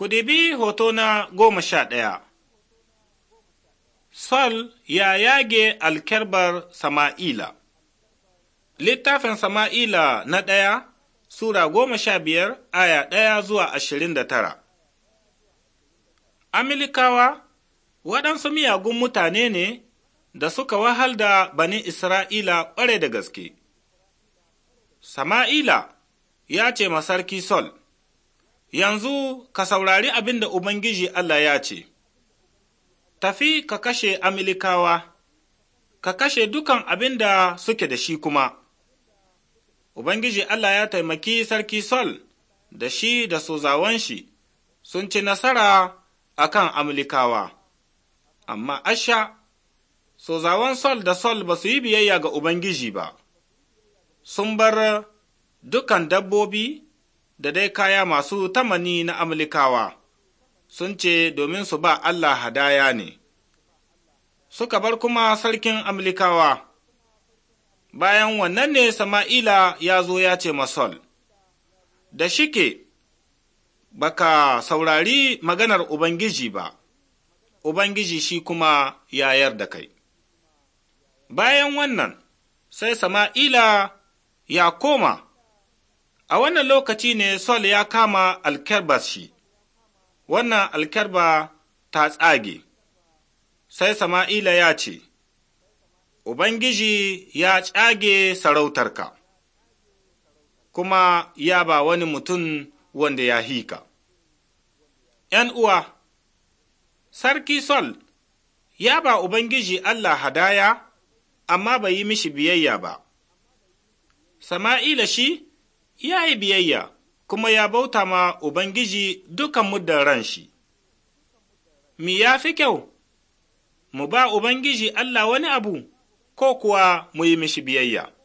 Ku dibi hoto na goma sha ɗaya. Sol ya yage alkerbar Sama'ila Littafin Sama'ila na ɗaya, Sura goma sha biyar, aya ɗaya zuwa ashirin da tara. Amilikawa waɗansu miyagun mutane ne da suka wahal da bani Isra'ila ƙware da gaske. Sama'ila ya ce ma Sarki Sol, yanzu ka saurari abin da Ubangiji Allah ya ce, Tafi ka kashe amilikawa ka kashe dukan abin da suke da shi kuma. Ubangiji Allah ya taimaki Sarki Sol da shi da sozawan shi sun ci nasara a kan amma Asha, sozawan Sol da Sol ba su yi biyayya ga Ubangiji ba, sun bar dukan dabbobi. da dai kaya masu tamani na amalikawa sun ce domin su ba Allah hadaya ne. Suka bar kuma sarkin amalikawa. bayan wannan ne Sama'ila ya zo ya ce masol, da shike baka saurari maganar Ubangiji ba, Ubangiji shi kuma ya da kai. Bayan wannan, sai Sama'ila ya koma. A wannan lokaci ne Sol ya kama alkerbas shi, wannan alkerba ta tsage, sai Sama'ila ya ce, Ubangiji ya tsage sarautarka, kuma ya ba wani mutum wanda ya hika. ’Yan uwa, Sarki Sol ya ba Ubangiji Allah hadaya, amma bai yi mishi biyayya ba. Sama'ila shi ya yi biyayya kuma ya bauta ma Ubangiji dukan muddan ran shi. Mi ya fi kyau, mu ba Ubangiji Allah wani abu ko kuwa mu yi mishi biyayya.